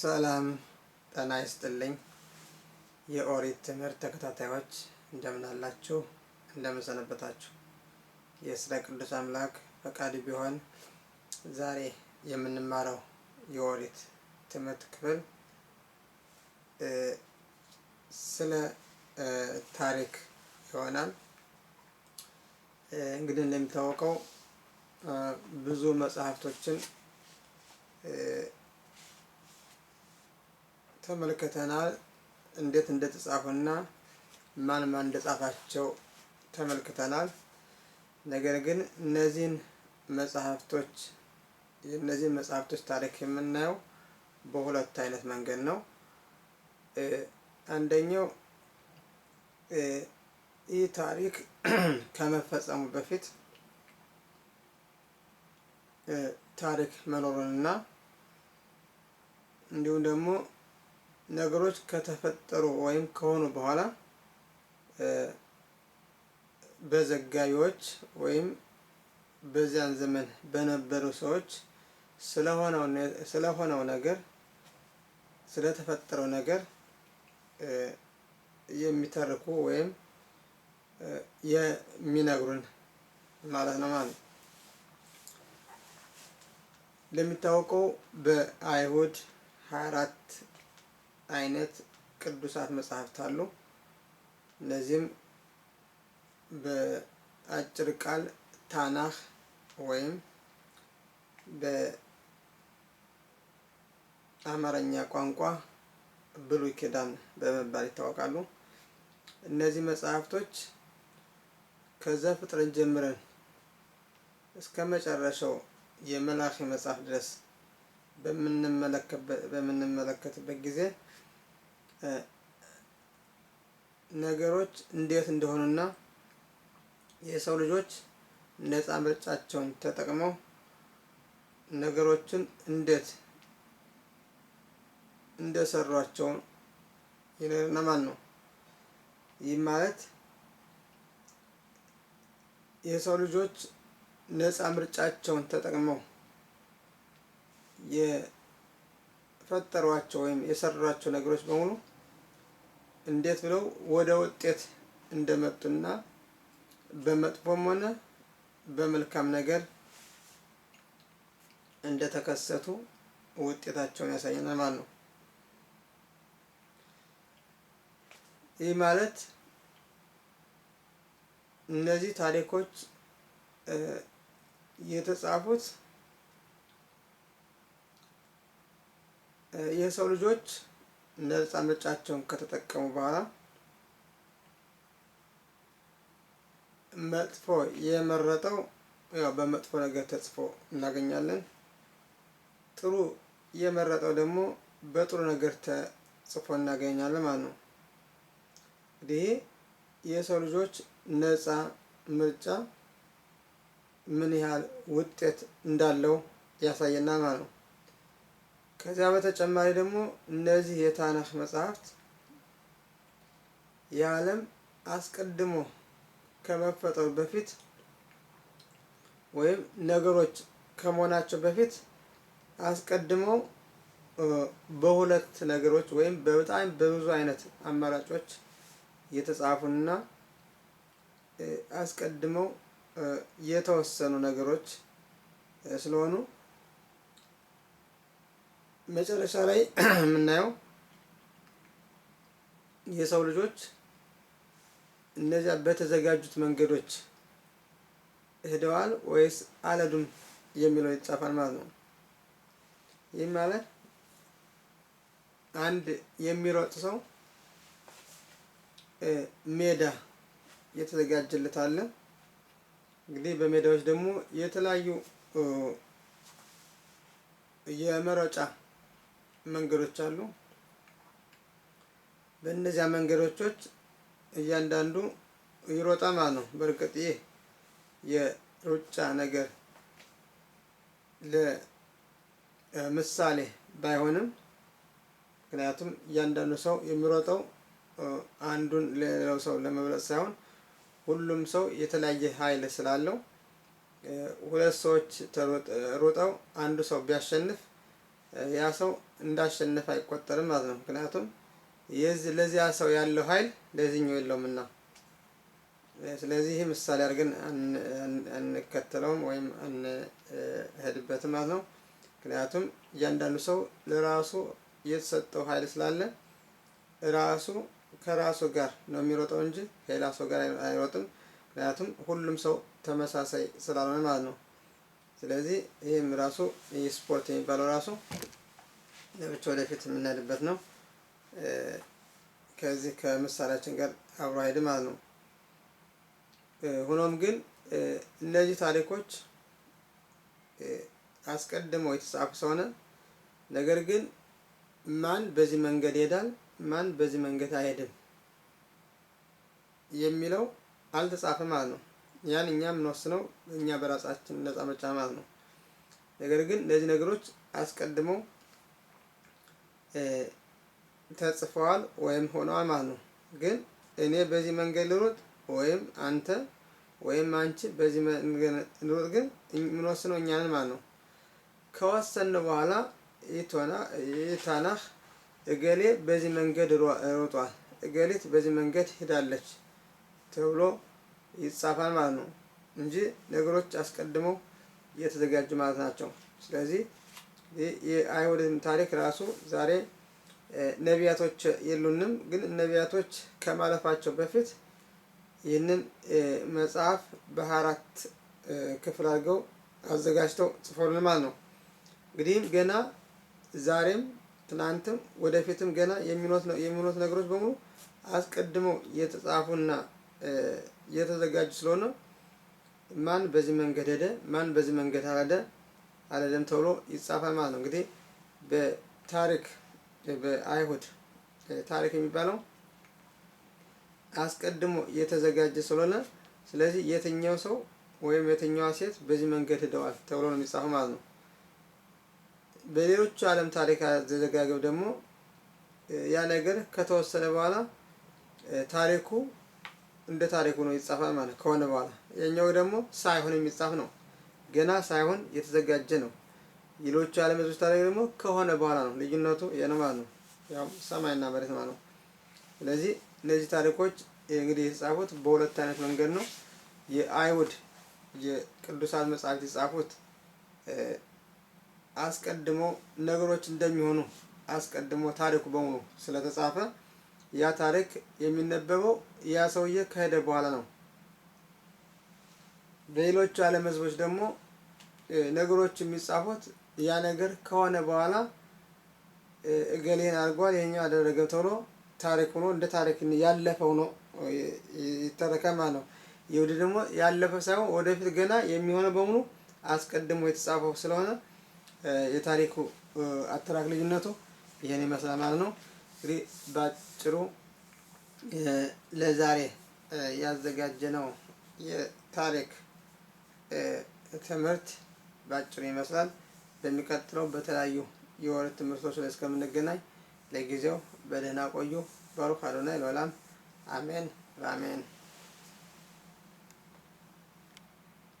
ሰላም ጠና ይስጥልኝ። የኦሪት ትምህርት ተከታታዮች እንደምናላችሁ አላችሁ? እንደምን ሰነበታችሁ? የስራ ቅዱስ አምላክ ፈቃድ ቢሆን ዛሬ የምንማረው የኦሪት ትምህርት ክፍል ስለ ታሪክ ይሆናል። እንግዲህ እንደሚታወቀው ብዙ መጽሐፍቶችን ተመልክተናል። እንዴት እንደተጻፉና ማን ማን እንደጻፋቸው ተመልክተናል። ነገር ግን እነዚህን መጽሐፍቶች የእነዚህን መጽሐፍቶች ታሪክ የምናየው በሁለት አይነት መንገድ ነው። አንደኛው ይህ ታሪክ ከመፈጸሙ በፊት ታሪክ መኖሩንና እንዲሁም ደግሞ ነገሮች ከተፈጠሩ ወይም ከሆኑ በኋላ በዘጋቢዎች ወይም በዚያን ዘመን በነበሩ ሰዎች ስለሆነው ነገር ስለተፈጠረው ነገር የሚተርኩ ወይም የሚነግሩን ማለት ነው ማለት እንደሚታወቀው በአይሁድ ሀያ አራት አይነት ቅዱሳት መጽሐፍት አሉ። እነዚህም በአጭር ቃል ታናህ ወይም በአማርኛ ቋንቋ ብሉይ ኪዳን በመባል ይታወቃሉ። እነዚህ መጽሐፍቶች ከዘፍጥረት ጀምረን እስከ መጨረሻው የመላእክት መጽሐፍ ድረስ በምንመለከትበት ጊዜ ነገሮች እንዴት እንደሆኑና የሰው ልጆች ነፃ ምርጫቸውን ተጠቅመው ነገሮችን እንዴት እንደሰሯቸው ይነግረናል ነው። ይህ ማለት የሰው ልጆች ነፃ ምርጫቸውን ተጠቅመው የፈጠሯቸው ወይም የሰራቸው ነገሮች በሙሉ እንዴት ብለው ወደ ውጤት እንደመጡና በመጥፎም ሆነ በመልካም ነገር እንደተከሰቱ ውጤታቸውን ያሳየናል ማለት ነው። ይህ ማለት እነዚህ ታሪኮች የተጻፉት የሰው ልጆች ነፃ ምርጫቸውን ከተጠቀሙ በኋላ መጥፎ የመረጠው ያው በመጥፎ ነገር ተጽፎ እናገኛለን። ጥሩ የመረጠው ደግሞ በጥሩ ነገር ተጽፎ እናገኛለን ማለት ነው። እንግዲህ የሰው ልጆች ነፃ ምርጫ ምን ያህል ውጤት እንዳለው ያሳየናል ማለት ነው። ከዚያ በተጨማሪ ደግሞ እነዚህ የታናሽ መጽሐፍት የዓለም አስቀድሞ ከመፈጠሩ በፊት ወይም ነገሮች ከመሆናቸው በፊት አስቀድመው በሁለት ነገሮች ወይም በጣም በብዙ አይነት አማራጮች የተጻፉና አስቀድመው የተወሰኑ ነገሮች ስለሆኑ መጨረሻ ላይ የምናየው የሰው ልጆች እነዚያ በተዘጋጁት መንገዶች ሄደዋል ወይስ አለዱም የሚለው ይጻፋል ማለት ነው። ይህ ማለት አንድ የሚሮጥ ሰው ሜዳ የተዘጋጀለት አለ። እንግዲህ በሜዳዎች ደግሞ የተለያዩ የመሮጫ መንገዶች አሉ። በእነዚያ መንገዶች እያንዳንዱ ማለት ነው። በእርግጥ ይህ የሩጫ ነገር ለምሳሌ ባይሆንም ምክንያቱም እያንዳንዱ ሰው የሚሮጠው አንዱን ለሌላው ሰው ለመብለጥ ሳይሆን ሁሉም ሰው የተለያየ ኃይል ስላለው ሁለት ሰዎች ሮጠው አንዱ ሰው ቢያሸንፍ ያ ሰው እንዳሸነፈ አይቆጠርም ማለት ነው። ምክንያቱም ለዚያ ሰው ያለው ኃይል ለዚህኛው የለውምና። ስለዚህ ይህ ምሳሌ አድርገን አንከተለውም ወይም አንሄድበትም ማለት ነው። ምክንያቱም እያንዳንዱ ሰው ለራሱ የተሰጠው ኃይል ስላለ ራሱ ከራሱ ጋር ነው የሚሮጠው እንጂ ከሌላ ሰው ጋር አይሮጥም። ምክንያቱም ሁሉም ሰው ተመሳሳይ ስላልሆነ ማለት ነው። ስለዚህ ይህም ራሱ ስፖርት የሚባለው ራሱ ለብቻ ወደፊት የምናሄድበት ነው። ከዚህ ከምሳሌያችን ጋር አብሮ አይሄድም ማለት ነው። ሆኖም ግን እነዚህ ታሪኮች አስቀድመው የተጻፉ ስለሆነ ነገር ግን ማን በዚህ መንገድ ይሄዳል፣ ማን በዚህ መንገድ አይሄድም የሚለው አልተጻፈም ማለት ነው። ያን እኛ የምንወስነው እኛ በራሳችን ነጻ መጫ ማለት ነው። ነገር ግን እነዚህ ነገሮች አስቀድመው ተጽፈዋል ወይም ሆነዋል ማለት ነው። ግን እኔ በዚህ መንገድ ልሩጥ ወይም አንተ ወይም አንቺ በዚህ መንገድ ልሩጥ፣ ግን የምንወስነው እኛን ማለት ነው። ከወሰን በኋላ ታናህ እገሌ በዚህ መንገድ ሮጧል፣ እገሌት በዚህ መንገድ ሄዳለች ተብሎ ይጻፋል ማለት ነው እንጂ ነገሮች አስቀድመው የተዘጋጁ ማለት ናቸው። ስለዚህ የአይሁድን ታሪክ ራሱ ዛሬ ነቢያቶች የሉንም፣ ግን ነቢያቶች ከማለፋቸው በፊት ይህንን መጽሐፍ በአራት ክፍል አድርገው አዘጋጅተው ጽፎልን ማለት ነው። እንግዲህም ገና ዛሬም ትናንትም ወደፊትም ገና የሚኖት ነገሮች በሙሉ አስቀድመው የተጻፉና የተዘጋጁ ስለሆነ ማን በዚህ መንገድ ሄደ፣ ማን በዚህ መንገድ አልሄደ አይደለም ተብሎ ይጻፋል ማለት ነው። እንግዲህ በታሪክ በአይሁድ ታሪክ የሚባለው አስቀድሞ የተዘጋጀ ስለሆነ ስለዚህ የትኛው ሰው ወይም የትኛዋ ሴት በዚህ መንገድ ሂደዋል ተብሎ ነው የሚጻፈው ማለት ነው። በሌሎቹ ዓለም ታሪክ አዘዘጋገብ ደግሞ ያ ነገር ከተወሰነ በኋላ ታሪኩ እንደ ታሪኩ ነው ይጻፋል ማለት ከሆነ በኋላ የኛው ደግሞ ሳይሆን የሚጻፍ ነው። ገና ሳይሆን የተዘጋጀ ነው። ሌሎቹ የዓለም ህዝቦች ታሪክ ደግሞ ከሆነ በኋላ ነው። ልዩነቱ የነማ ነው፣ ያው ሰማይና መሬት ማለት ነው። ስለዚህ እነዚህ ታሪኮች እንግዲህ የተጻፉት በሁለት አይነት መንገድ ነው። የአይሁድ የቅዱሳት መጽሐፍት የጻፉት አስቀድሞ ነገሮች እንደሚሆኑ አስቀድሞ ታሪኩ በሙሉ ስለተጻፈ ያ ታሪክ የሚነበበው ያ ሰውዬ ከሄደ በኋላ ነው። በሌሎቹ ዓለም ህዝቦች ደግሞ ነገሮች የሚጻፉት ያ ነገር ከሆነ በኋላ እገሌን አድርጓል ይሄኛው አደረገ ተብሎ ታሪክ ሆኖ እንደ ታሪክ ያለፈ ሆኖ ይተረከማ ነው። ይሁዲ ደግሞ ያለፈ ሳይሆን ወደፊት ገና የሚሆነው በሙሉ አስቀድሞ የተጻፈው ስለሆነ የታሪኩ አተራክ ልዩነቱ ይሄን ይመስላል ማለት ነው። እንግዲህ ባጭሩ ለዛሬ ያዘጋጀ ነው የታሪክ ትምህርት በአጭሩ ይመስላል። በሚቀጥለው በተለያዩ የወር ትምህርቶች ላይ እስከምንገናኝ ለጊዜው በደህና ቆዩ። ባሩክ አዶናይ ለዓለም አሜን በአሜን